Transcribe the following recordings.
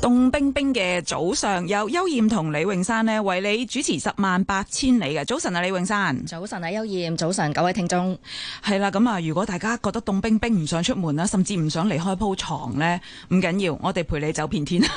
凍冰冰嘅早上有邱艷同李永山呢，為你主持十萬八千里嘅早晨啊。李永山，早晨啊，邱艷，早晨各位聽眾係啦。咁啊，如果大家覺得凍冰冰唔想出門啦甚至唔想離開鋪床呢，唔緊要，我哋陪你走遍天下。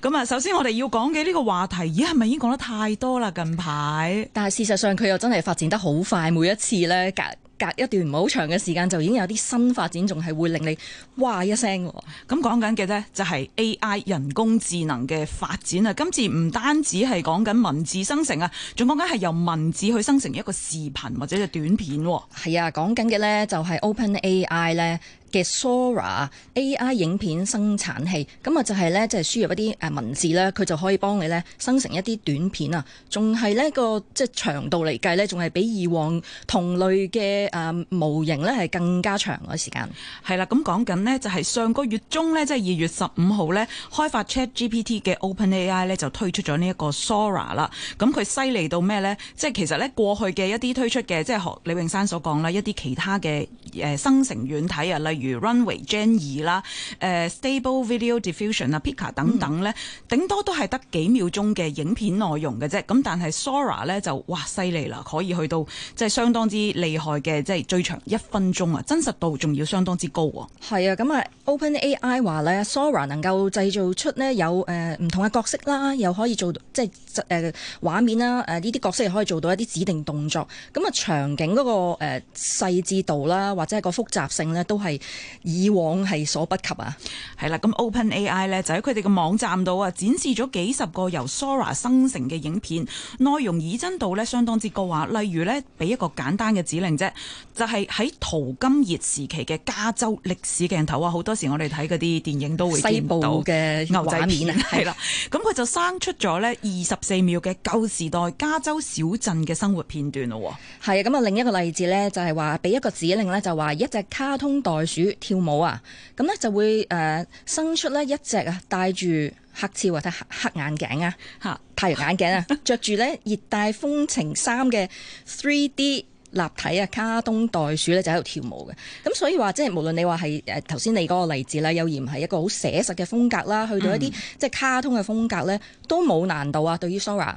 咁啊，首先我哋要講嘅呢個話題，咦，係咪已經講得太多啦近排？但係事實上佢又真係發展得好快，每一次呢，隔一段唔好長嘅時間就已經有啲新發展，仲係會令你哇一聲。咁講緊嘅呢，就係 AI 人工智能嘅發展啊！今次唔單止係講緊文字生成啊，仲講緊係由文字去生成一個視頻或者係短片。係啊，講緊嘅呢，就係 OpenAI 呢。嘅 Sora AI 影片生產器，咁啊就係咧，即係輸入一啲誒文字咧，佢就可以幫你咧生成一啲短片啊。仲係呢個即係長度嚟計咧，仲係比以往同類嘅誒模型咧係更加長嘅時間。係啦，咁講緊呢就係上個月中咧，即係二月十五號咧，開發 ChatGPT 嘅 OpenAI 咧就推出咗呢一個 Sora 啦。咁佢犀利到咩咧？即係其實咧，過去嘅一啲推出嘅，即係學李永山所講啦，一啲其他嘅誒生成軟體啊，例如。例如 Runway Gen 二、uh, 啦，Stable Video Diffusion 啊 Pika 等等咧，頂、嗯、多都係得幾秒鐘嘅影片內容嘅啫。咁但係 Sora 咧就哇犀利啦，可以去到即係、就是、相當之厲害嘅，即、就、係、是、最長一分鐘啊！真實度仲要相當之高喎。係啊，咁啊，OpenAI 話咧，Sora 能夠製造出咧有誒唔、呃、同嘅角色啦，又可以做即係誒畫面啦，誒呢啲角色又可以做到一啲指定動作。咁啊，場景嗰、那個誒、呃、細緻度啦，或者係個複雜性咧，都係。以往係所不及啊，係啦，咁 OpenAI 咧就喺佢哋嘅網站度啊，展示咗幾十個由 Sora 生成嘅影片，內容擬真度咧相當之高啊。例如咧，俾一個簡單嘅指令啫，就係、是、喺淘金熱時期嘅加州歷史鏡頭啊，好多時我哋睇嗰啲電影都會見到嘅牛仔片啊，係啦，咁佢就生出咗呢二十四秒嘅舊時代加州小鎮嘅生活片段咯。係啊，咁啊，另一個例子咧就係話俾一個指令咧，就話一隻卡通袋主跳舞啊，咁咧就會誒生、呃、出咧一隻啊，戴住黑超或者黑眼鏡啊，嚇， 太陽眼鏡啊，着住咧熱帶風情衫嘅 three D。立體啊，卡通袋鼠咧就喺度跳舞嘅，咁所以話即係無論你話係誒頭先你嗰個例子啦，又而唔係一個好寫實嘅風格啦，去到一啲即係卡通嘅風格咧、嗯，都冇難度啊。對於 Sora，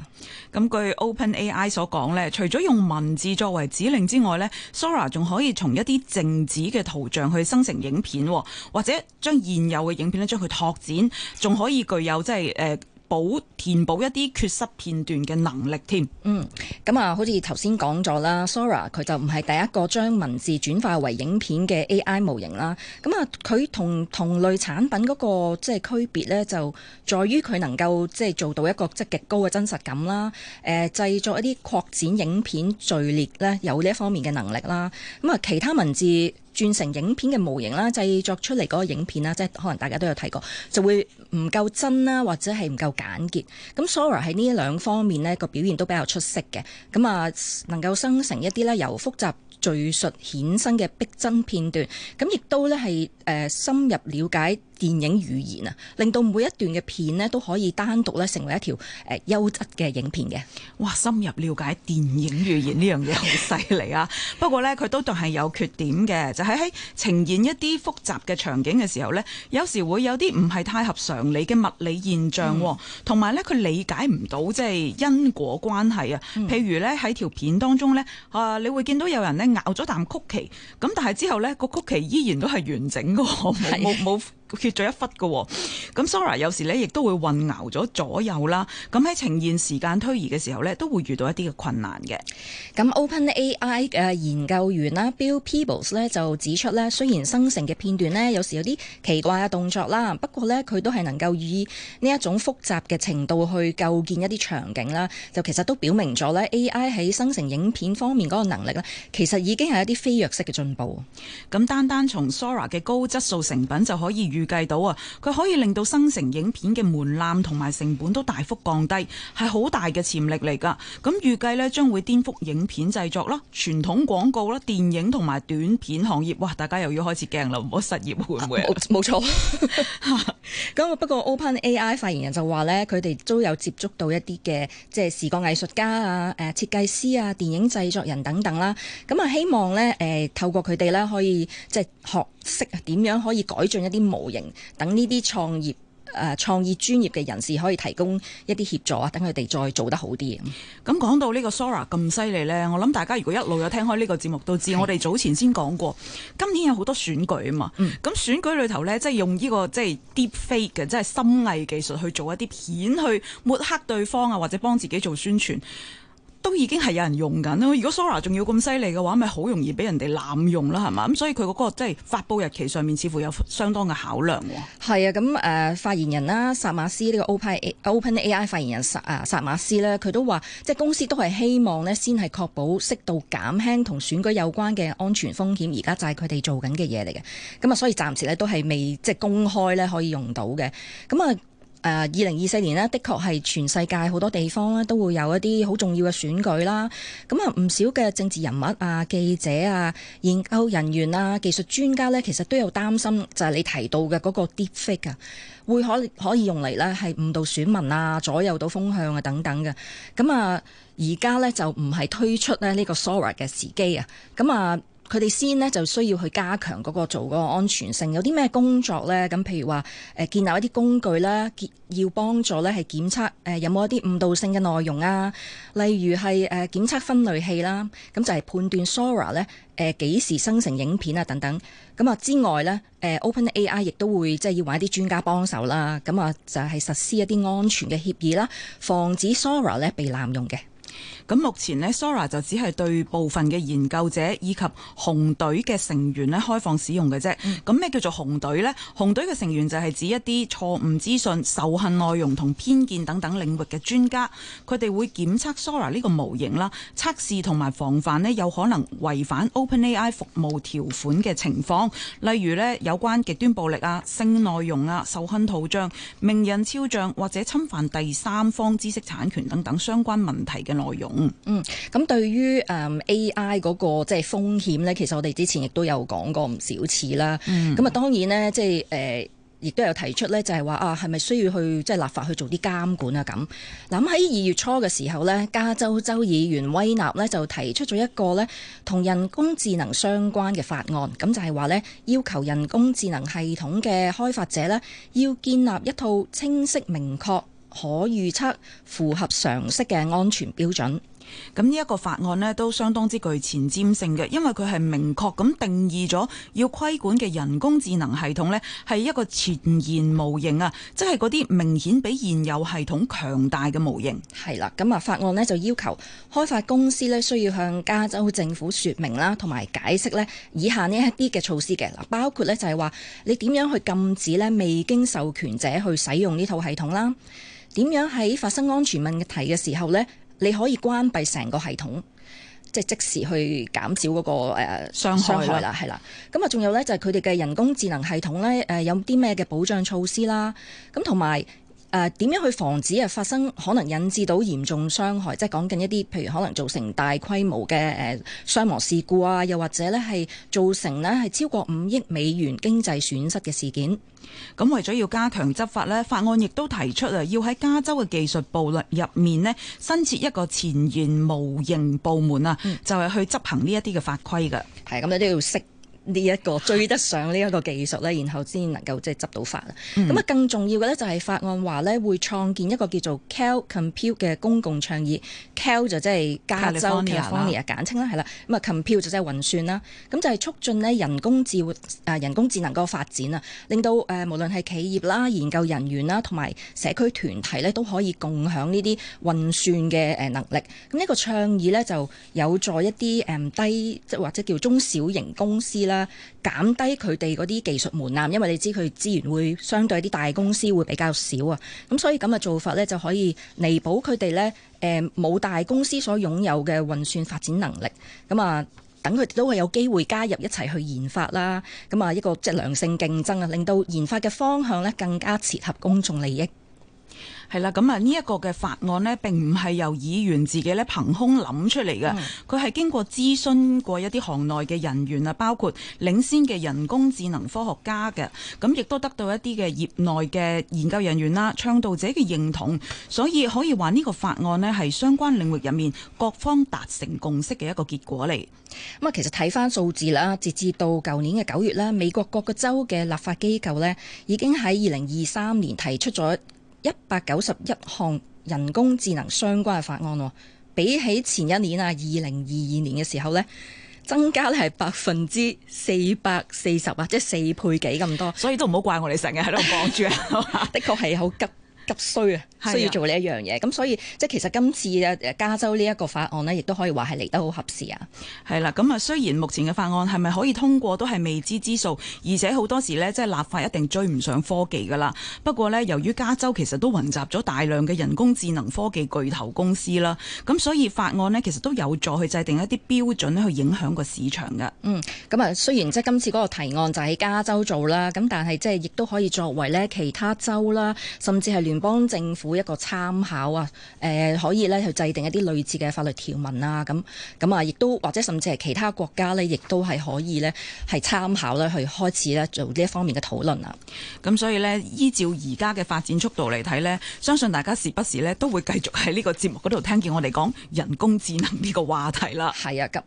咁據 OpenAI 所講咧，除咗用文字作為指令之外咧，Sora 仲可以從一啲靜止嘅圖像去生成影片，或者將現有嘅影片咧將佢拓展，仲可以具有即係誒。呃補填補一啲缺失片段嘅能力添。嗯，咁啊，好似頭先講咗啦，Sora 佢就唔係第一個將文字轉化為影片嘅 AI 模型啦。咁啊，佢同同類產品嗰個即係區別咧，就在於佢能夠即係做到一個即係極高嘅真實感啦。誒，製作一啲擴展影片序列咧，有呢一方面嘅能力啦。咁啊，其他文字。轉成影片嘅模型啦，製、就是、作出嚟嗰個影片啦，即係可能大家都有睇過，就會唔夠真啦，或者係唔夠簡潔。咁 Sora 喺呢兩方面呢個表現都比較出色嘅，咁啊，能夠生成一啲咧由複雜敘述衍生嘅逼真片段，咁亦都咧係誒深入了解。電影語言啊，令到每一段嘅片呢都可以單獨咧成為一條誒、呃、優質嘅影片嘅。哇，深入了解電影語言呢樣嘢好犀利啊！不過呢，佢都仲係有缺點嘅，就係、是、喺呈現一啲複雜嘅場景嘅時候呢有時會有啲唔係太合常理嘅物理現象，同、嗯、埋呢，佢理解唔到即係因果關係啊、嗯。譬如呢，喺條片當中呢，啊，你會見到有人咬咗啖曲奇，咁但係之後呢，個曲奇依然都係完整嘅，冇冇，缺咗一忽嘅，咁 Sora 有時咧亦都會混淆咗左右啦。咁喺呈現時間推移嘅時候咧，都會遇到一啲嘅困難嘅。咁 Open AI 嘅研究員啦，Bill Peebles 咧就指出咧，雖然生成嘅片段咧有時有啲奇怪嘅動作啦，不過咧佢都係能夠以呢一種複雜嘅程度去構建一啲場景啦，就其實都表明咗咧 AI 喺生成影片方面個能力咧，其實已經係一啲飛躍式嘅進步。咁單單從 Sora 嘅高質素成品就可以。預計到啊，佢可以令到生成影片嘅門檻同埋成本都大幅降低，係好大嘅潛力嚟㗎。咁預計呢，將會顛覆影片製作啦、傳統廣告啦、電影同埋短片行業。哇！大家又要開始驚啦，唔好失業、啊、會唔會？啊、冇錯。咁 不過 OpenAI 發言人就話呢，佢哋都有接觸到一啲嘅即係視覺藝術家啊、誒設計師啊、電影製作人等等啦。咁啊，希望呢，誒透過佢哋呢，可以即係學識點樣可以改進一啲模型，等呢啲創業誒創意專業嘅人士可以提供一啲協助啊，等佢哋再做得好啲。咁講到呢個 Sora 咁犀利呢，我諗大家如果一路有聽開呢個節目都知，我哋早前先講過，今年有好多選舉啊嘛。咁、嗯、選舉裏頭呢，即係用呢個即係 Deepfake 嘅，即係深偽技術去做一啲片去抹黑對方啊，或者幫自己做宣傳。都已經係有人用緊咯。如果 Sora 仲要咁犀利嘅話，咪好容易俾人哋濫用啦，係嘛？咁所以佢嗰、嗰個即係發布日期上面，似乎有相當嘅考量嘅。係啊，咁誒、呃、發言人啦，薩馬斯呢、呢個 OpenAI 發言人薩啊薩馬斯呢，佢都話即係公司都係希望呢，先係確保適度減輕同選舉有關嘅安全風險。而家就係佢哋做緊嘅嘢嚟嘅。咁啊，所以暫時呢，都係未即係公開呢可以用到嘅。咁啊。誒二零二四年呢，的確係全世界好多地方咧都會有一啲好重要嘅選舉啦。咁啊，唔少嘅政治人物啊、記者啊、研究人員啊、技術專家呢，其實都有擔心，就係你提到嘅嗰個 deepfake 啊，會可以可以用嚟呢係誤導選民啊、左右到風向啊等等嘅。咁啊，而家呢就唔係推出咧呢個 Sora 嘅時機啊。咁啊。佢哋先呢就需要去加強嗰個做嗰個安全性，有啲咩工作呢？咁譬如話，誒建立一啲工具啦，要幫助咧係檢測誒有冇一啲誤導性嘅內容啊。例如係誒檢測分類器啦，咁就係判斷 Sora 咧誒幾時生成影片啊等等。咁啊之外呢 OpenAI 亦都會即係、就是、要揾一啲專家幫手啦。咁啊就係實施一啲安全嘅協議啦，防止 Sora 咧被濫用嘅。咁目前咧，Sora 就只係對部分嘅研究者以及紅隊嘅成員咧開放使用嘅啫。咁、嗯、咩叫做紅隊咧？紅隊嘅成員就係指一啲錯誤資訊、仇恨內容、同偏見等等領域嘅專家，佢哋會檢測 Sora 呢個模型啦，測試同埋防範咧有可能違反 OpenAI 服務條款嘅情況，例如咧有關極端暴力啊、性內容啊、仇恨圖像、名人肖像或者侵犯第三方知識產權等等相關問題嘅內容。嗯嗯，咁對於誒 AI 嗰個即係風險咧，其實我哋之前亦都有講過唔少次啦。咁、嗯、啊，當然呢，即係誒亦都有提出咧，就係話啊，係咪需要去即係、就係、立法去做啲監管啊？咁嗱，喺二月初嘅時候咧，加州州議員威納咧就提出咗一個咧同人工智能相關嘅法案，咁就係話咧要求人工智能系統嘅開發者咧要建立一套清晰明確、可預測符合常識嘅安全標準。咁呢一個法案呢，都相當之具前瞻性嘅，因為佢係明確咁定義咗要規管嘅人工智能系統呢，係一個前沿模型啊，即係嗰啲明顯比現有系統強大嘅模型。係啦，咁啊法案呢，就要求開發公司呢，需要向加州政府説明啦，同埋解釋呢以下呢一啲嘅措施嘅嗱，包括呢，就係話你點樣去禁止呢，未經授權者去使用呢套系統啦。點樣喺發生安全問題嘅時候呢，你可以關閉成個系統，即係即時去減少嗰、嗰個誒、呃、傷、傷害啦，係啦。咁啊，仲有呢，就係佢哋嘅人工智能系統呢，誒有啲咩嘅保障措施啦，咁同埋，誒、呃，點樣去防止啊，發生可能引致到嚴重傷害？即係講緊一啲，譬如可能造成大規模嘅誒傷亡事故啊，又或者呢係造成呢係超過五億美元經濟損失嘅事件。咁為咗要加強執法呢，法案亦都提出啊，要喺加州嘅技術部律入面呢，新設一個前沿模型部門啊，嗯、就係、是、去執行呢一啲嘅法規㗎。係，咁你都要識。呢一個追得上呢一個技術咧，然後先能夠即係執到法啦。咁、嗯、啊，更重要嘅咧就係法案話咧會創建一個叫做 Cal Compute 嘅公共倡議。Cal 就即係加州嘅 California 簡稱啦，係啦。咁啊，Compute 就即係運算啦。咁就係、是、促進咧人工智誒人工智能個發展啊，令到誒無論係企業啦、研究人員啦，同埋社區團體咧都可以共享呢啲運算嘅誒能力。咁、這、呢個倡議咧就有助一啲誒低即係或者叫中小型公司啦。減低佢哋嗰啲技術門檻，因為你知佢資源會相對啲大公司會比較少啊，咁所以咁嘅做法呢，就可以彌補佢哋呢誒冇大公司所擁有嘅運算發展能力，咁啊等佢哋都係有機會加入一齊去研發啦，咁啊一個即係良性競爭啊，令到研發嘅方向呢更加切合公眾利益。係啦，咁啊，呢一個嘅法案呢，並唔係由議員自己咧憑空諗出嚟嘅。佢、嗯、係經過諮詢過一啲行內嘅人員啊，包括領先嘅人工智能科學家嘅，咁亦都得到一啲嘅業內嘅研究人員啦、倡導者嘅認同，所以可以話呢個法案呢係相關領域入面各方達成共識嘅一個結果嚟。咁啊，其實睇翻數字啦，截至到舊年嘅九月啦，美國各個州嘅立法機構呢已經喺二零二三年提出咗一百九十一項人工智能相關嘅法案，比起前一年啊，二零二二年嘅時候呢，增加咧係百分之四百四十啊，即係四倍幾咁多，所以都唔好怪我哋成日喺度講住啊，的確係好急。急需啊，需要做呢一樣嘢，咁所以即係其實今次嘅加州呢一個法案呢，亦都可以話係嚟得好合時啊。係啦，咁啊雖然目前嘅法案係咪可以通過都係未知之數，而且好多時呢，即係立法一定追唔上科技噶啦。不過呢，由於加州其實都雲集咗大量嘅人工智能科技巨頭公司啦，咁所以法案呢，其實都有助去制定一啲標準去影響個市場嘅。嗯，咁啊雖然即係今次嗰個提案就喺加州做啦，咁但係即係亦都可以作為呢其他州啦，甚至係聯幫政府一個參考啊，誒，可以咧去制定一啲類似嘅法律條文啊，咁咁啊，亦都或者甚至係其他國家呢，亦都係可以呢，係參考咧去開始咧做呢一方面嘅討論啊。咁所以呢，依照而家嘅發展速度嚟睇呢，相信大家時不時呢，都會繼續喺呢個節目嗰度聽見我哋講人工智能呢個話題啦。係啊，咁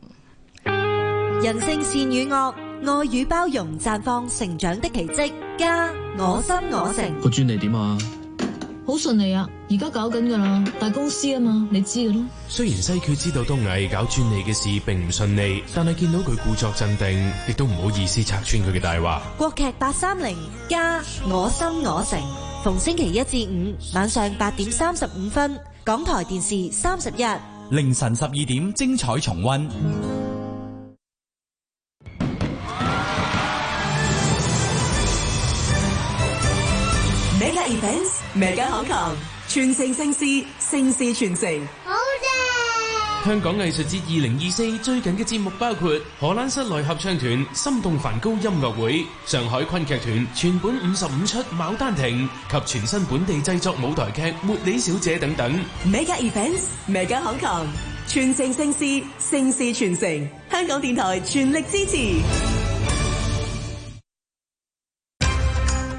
人性善與惡，愛與包容，綻放成長的奇迹。加我心我性。個專利點啊？好順利啊！而家搞緊噶啦，大公司啊嘛，你知噶咯。雖然西決知道東毅搞專利嘅事並唔順利，但係見到佢故作鎮定，亦都唔好意思拆穿佢嘅大話。國劇八三零加我心我城，逢星期一至五晚上八點三十五分，港台電視三十一凌晨十二點，精彩重溫。Mega 康強，傳承盛事，盛事傳承。好嘅！香港藝術節二零二四最近嘅節目包括荷蘭室內合唱團《心動梵高》音樂會、上海崑劇團全本五十五出《牡丹亭》及全新本地製作舞台劇《茉莉小姐》等等。Mega events，mega 康強，傳承盛事，盛事傳承。香港電台全力支持。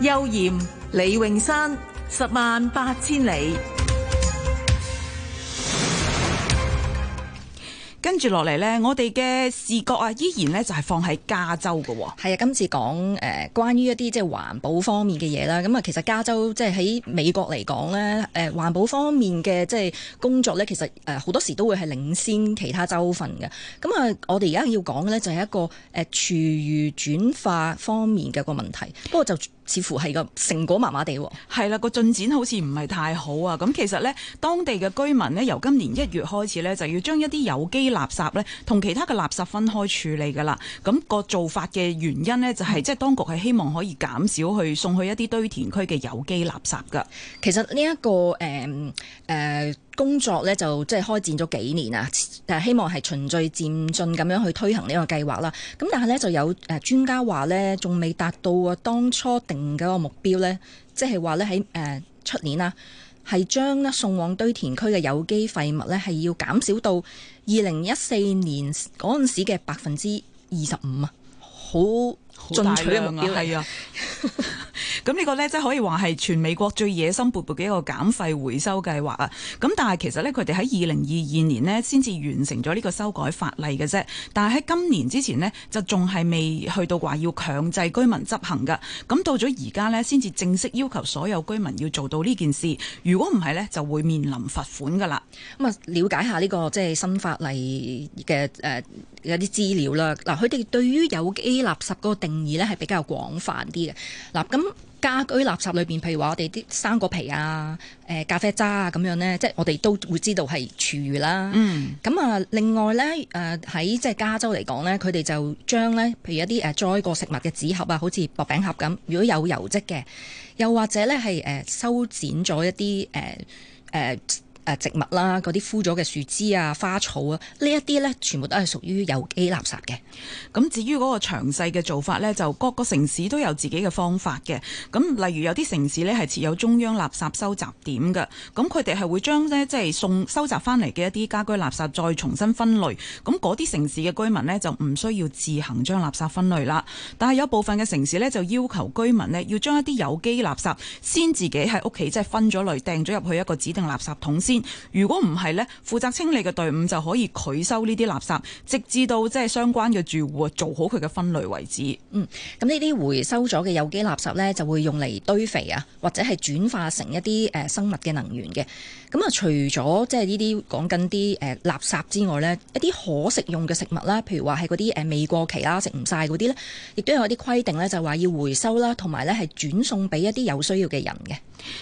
悠賢、李詠山。十萬八千里，跟住落嚟呢，我哋嘅視覺啊，依然呢就係放喺加州噶。係啊，今次講誒關於一啲即係環保方面嘅嘢啦。咁啊，其實加州即係喺美國嚟講呢，誒環保方面嘅即係工作呢，其實誒好多時都會係領先其他州份嘅。咁啊，我哋而家要講呢，就係一個誒廚餘轉化方面嘅一個問題。不過就。似乎係個成果麻麻地喎，係啦，個進展好似唔係太好啊！咁其實呢，當地嘅居民呢，由今年一月開始呢，就要將一啲有機垃圾呢同其他嘅垃圾分開處理㗎喇。咁個做法嘅原因呢，就係即係當局係希望可以減少去送去一啲堆填區嘅有機垃圾㗎。其實呢、這、一個誒誒。嗯嗯工作咧就即係開展咗幾年啊，希望係循序漸進咁樣去推行呢個計劃啦。咁但係咧就有誒專家話咧，仲未達到啊當初定嘅個目標咧，即係話咧喺誒出年啦，係將咧送往堆填區嘅有機廢物咧係要減少到二零一四年嗰陣時嘅百分之二十五啊，好。好大嘅進取目標，係啊，咁呢 個呢，即係可以話係全美國最野心勃勃嘅一個減廢回收計劃啊。咁但係其實呢，佢哋喺二零二二年呢先至完成咗呢個修改法例嘅啫。但係喺今年之前呢，就仲係未去到話要強制居民執行噶。咁到咗而家呢，先至正式要求所有居民要做到呢件事。如果唔係呢，就會面臨罰款噶啦。咁啊，了解下呢個即係新法例嘅誒一啲資料啦。嗱，佢哋對於有機垃圾個定義咧係比較廣泛啲嘅。嗱、啊，咁家居垃圾裏邊，譬如話我哋啲生果皮啊、誒咖啡渣啊咁樣咧，即係我哋都會知道係廚餘啦。嗯。咁啊，另外咧，誒喺即係加州嚟講咧，佢哋就將咧，譬如一啲誒載過食物嘅紙盒啊，好似薄餅盒咁，如果有油漬嘅，又或者咧係誒修剪咗一啲誒誒。啊啊誒植物啦，嗰啲枯咗嘅樹枝啊、花草啊，呢一啲咧全部都係屬於有機垃圾嘅。咁至於嗰個詳細嘅做法咧，就各個城市都有自己嘅方法嘅。咁例如有啲城市咧係設有中央垃圾收集點嘅，咁佢哋係會將咧即係送收集翻嚟嘅一啲家居垃圾再重新分類。咁嗰啲城市嘅居民咧就唔需要自行將垃圾分類啦。但係有部分嘅城市咧就要求居民咧要將一啲有機垃圾先自己喺屋企即係分咗類掟咗入去一個指定垃圾桶先。如果唔係呢，負責清理嘅隊伍就可以拒收呢啲垃圾，直至到即係相關嘅住戶做好佢嘅分類為止。嗯，咁呢啲回收咗嘅有機垃圾呢，就會用嚟堆肥啊，或者係轉化成一啲誒生物嘅能源嘅。咁、嗯、啊，除咗即係呢啲講緊啲誒垃圾之外呢，一啲可食用嘅食物啦，譬如話係嗰啲誒未過期啦、食唔晒嗰啲呢，亦都有啲規定呢，就話要回收啦，同埋呢係轉送俾一啲有需要嘅人嘅。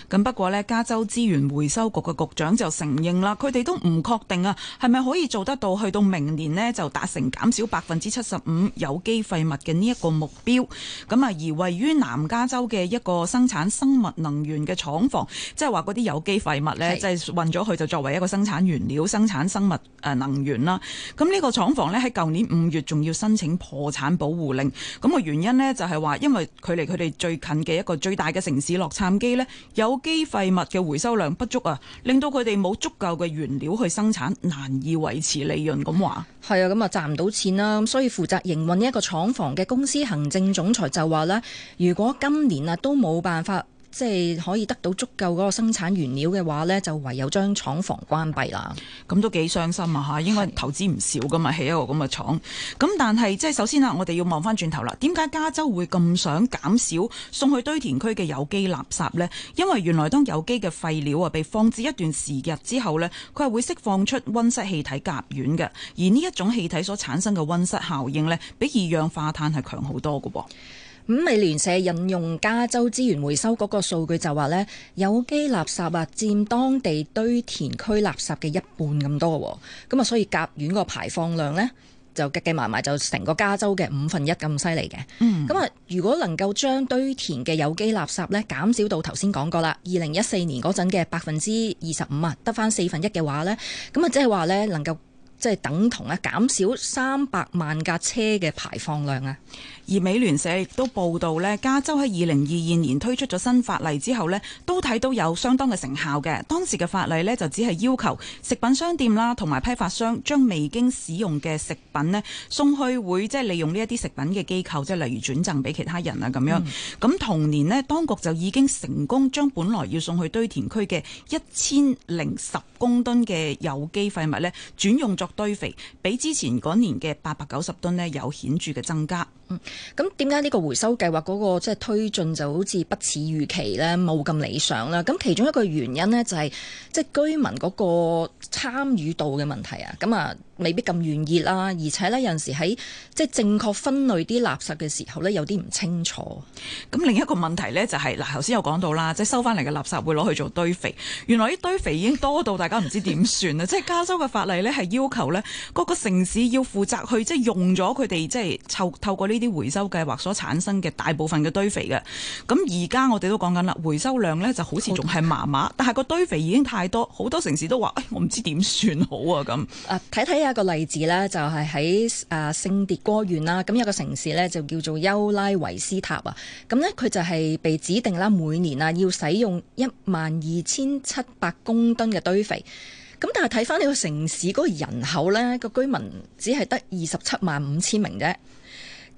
咁不過呢，加州資源回收局嘅局長，就承認啦，佢哋都唔確定啊，係咪可以做得到？去到明年呢，就達成減少百分之七十五有機廢物嘅呢一個目標。咁啊，而位於南加州嘅一個生產生物能源嘅廠房，即係話嗰啲有機廢物呢，就係、是、運咗佢，就作為一個生產原料生產生物能源啦。咁呢個廠房呢，喺舊年五月仲要申請破產保護令。咁、那個原因呢，就係話，因為距離佢哋最近嘅一個最大嘅城市洛杉磯呢，有機廢物嘅回收量不足啊，令到佢哋。哋冇足夠嘅原料去生產，難以維持利潤。咁話係啊，咁啊賺唔到錢啦。咁所以負責營運呢一個廠房嘅公司行政總裁就話咧：如果今年啊都冇辦法，即係可以得到足夠嗰個生產原料嘅話呢，就唯有將廠房關閉啦。咁都幾傷心啊嚇！應該投資唔少噶嘛，起一個咁嘅廠。咁但係即係首先啦，我哋要望翻轉頭啦。點解加州會咁想減少送去堆填區嘅有機垃圾呢？因為原來當有機嘅廢料啊被放置一段時日之後呢，佢係會釋放出温室氣體甲烷嘅。而呢一種氣體所產生嘅温室效應呢，比二氧化碳係強好多嘅喎。咁美聯社引用加州資源回收嗰個數據就話呢，有機垃圾啊，佔當地堆填區垃圾嘅一半咁多嘅。咁啊，所以甲烷個排放量呢，就計計埋埋就成個加州嘅五分一咁犀利嘅。嗯，咁啊，如果能夠將堆填嘅有機垃圾呢減少到頭先講過啦，二零一四年嗰陣嘅百分之二十五啊，得返四分一嘅話呢，咁啊，即係話呢能夠。即係等同減少三百萬架車嘅排放量啊！而美聯社亦都報道呢，加州喺二零二二年推出咗新法例之後呢，都睇到有相當嘅成效嘅。當時嘅法例呢，就只係要求食品商店啦同埋批發商將未經使用嘅食品呢送去會即係、就是、利用呢一啲食品嘅機構，即係例如轉贈俾其他人啊咁樣。咁、嗯、同年呢，當局就已經成功將本來要送去堆填區嘅一千零十公噸嘅有機廢物呢轉用作。堆肥比之前嗰年嘅八百九十噸咧，有顯著嘅增加。咁點解呢個回收計劃嗰個即係推進就好似不似預期呢？冇咁理想啦？咁其中一個原因呢、就是，就係即係居民嗰個參與度嘅問題啊，咁啊未必咁願意啦，而且呢，有陣時喺即係正確分類啲垃圾嘅時候呢，有啲唔清楚。咁另一個問題呢、就是，就係嗱頭先有講到啦，即係收翻嚟嘅垃圾會攞去做堆肥，原來呢堆肥已經多到大家唔知點算啦。即 係加州嘅法例呢，係要求各個城市要負責去即係用咗佢哋即係透透過呢。啲回收計劃所產生嘅大部分嘅堆肥嘅，咁而家我哋都講緊啦，回收量呢就好似仲係麻麻，但係個堆肥已經太多，好多城市都話，誒、哎，我唔知點算好啊。咁睇睇有一個例子呢，就係喺誒聖迭戈縣啦。咁、啊、有個城市呢，就叫做丘拉維斯塔啊。咁呢，佢就係被指定啦，每年啊要使用一萬二千七百公噸嘅堆肥。咁但係睇翻呢個城市嗰個人口呢，個居民只係得二十七萬五千名啫。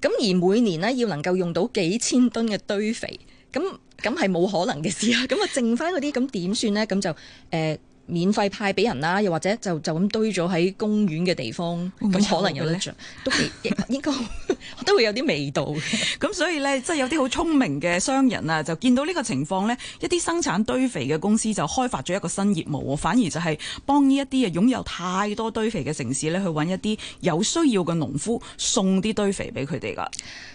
咁而每年呢，要能夠用到幾千噸嘅堆肥，咁咁係冇可能嘅事啊！咁啊，剩翻嗰啲咁點算呢？咁就誒。呃免費派俾人啦，又或者就就咁堆咗喺公園嘅地方，咁可能有得著，都應應該 都會有啲味道。咁 所以咧，即係有啲好聰明嘅商人啊，就見到呢個情況咧，一啲生產堆肥嘅公司就開發咗一個新業務，反而就係幫呢一啲啊擁有太多堆肥嘅城市咧，去搵一啲有需要嘅農夫送啲堆肥俾佢哋㗎。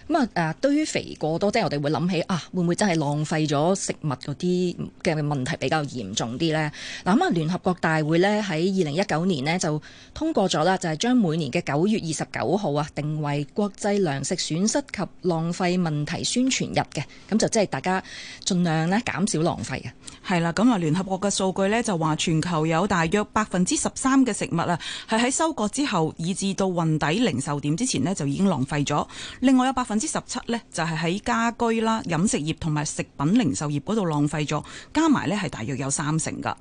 咁啊誒堆肥過多，即係我哋會諗起啊，會唔會真係浪費咗食物嗰啲嘅問題比較嚴重啲咧？嗱咁啊。嗯聯合國大會呢喺二零一九年呢就通過咗啦，就係將每年嘅九月二十九號啊定為國際糧食損失及浪費問題宣傳日嘅，咁就即係大家盡量呢減少浪費嘅。係啦，咁啊聯合國嘅數據呢就話全球有大約百分之十三嘅食物啊係喺收割之後以至到運抵零售店之前呢就已經浪費咗，另外有百分之十七呢就係喺家居啦、飲食業同埋食品零售業嗰度浪費咗，加埋呢係大約有三成㗎。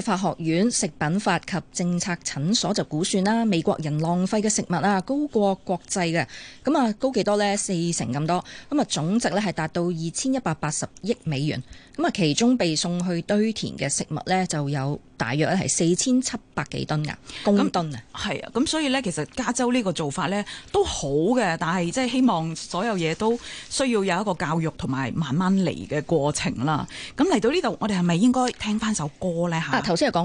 佛法學院、食品法及政策診所就估算啦，美國人浪費嘅食物啊，高過國際嘅，咁啊高幾多呢？四成咁多，咁啊總值呢係達到二千一百八十億美元，咁啊其中被送去堆填嘅食物呢，就有，大約咧係四千七百幾噸啊，公噸啊，係啊，咁所以呢，其實加州呢個做法呢都好嘅，但係即係希望所有嘢都需要有一個教育同埋慢慢嚟嘅過程啦。咁嚟到呢度，我哋係咪應該聽翻首歌呢？吓、啊，頭先係講。